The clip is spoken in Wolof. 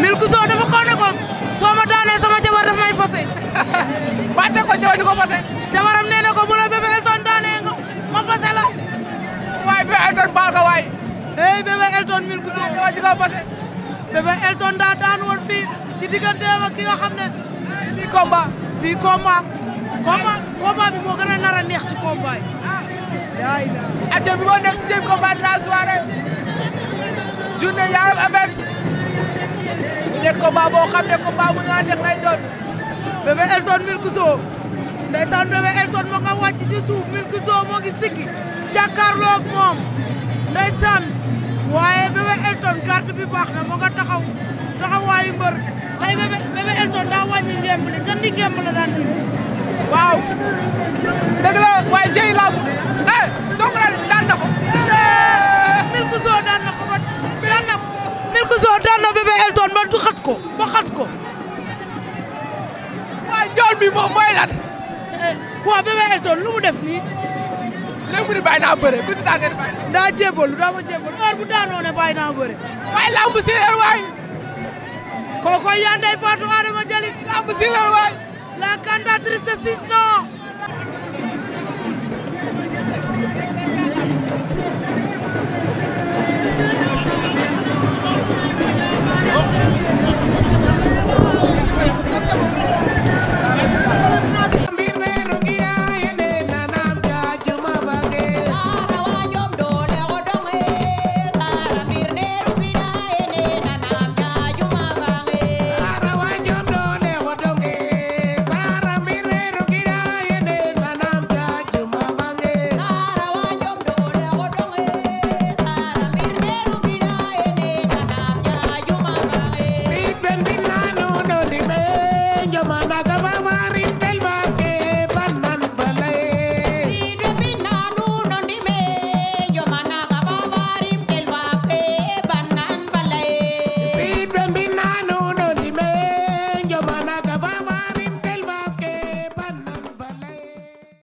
Milku Sow dafa ko ne ko soo ma daanee sama jabar daf may fase baate ko jabar ñu ko fase jabaram nee na Elton Milkzo daa daan woon fii ci digganteem ak ki nga ne bii bii combat combat combat bi moo gën a nar a neex ci bi moo nekk sixième combat de la soirée journée Yaram avec nekk combat boo xam ne combat bu naa neex lay doon Bébé Elton Milkzo ndeysaan Bébé Elton moo nga wàcc ci suuf Milkzo moo ngi sikki jàkkaarloo ak moom carte bi baax na mu nga taxaw taxawaayu mbër tey bébé bébé Elton daa wàññi ngemb li gën di la daan indi waaw dëgg la waaye jëy laa ko eh, daan na ko eh, milk zoo daan na ko ba daan na milk zoo daan na bébé Elton ba du xat ko ba xat ko waaye njool bi moom mooy lan eh, waaw bébé Elton lu mu def nii léegi mu ni bàyyi naa bëre ku si daan ngeen bàyyi naa. daa jébalu daa ma jébalu heure bu daanoo ne bàyyi naa bëre. waaye lamb séeréer waay. kooku yaa ndey Fatou Adama Jali. lamb séeréer waay. la cantatrice de six non.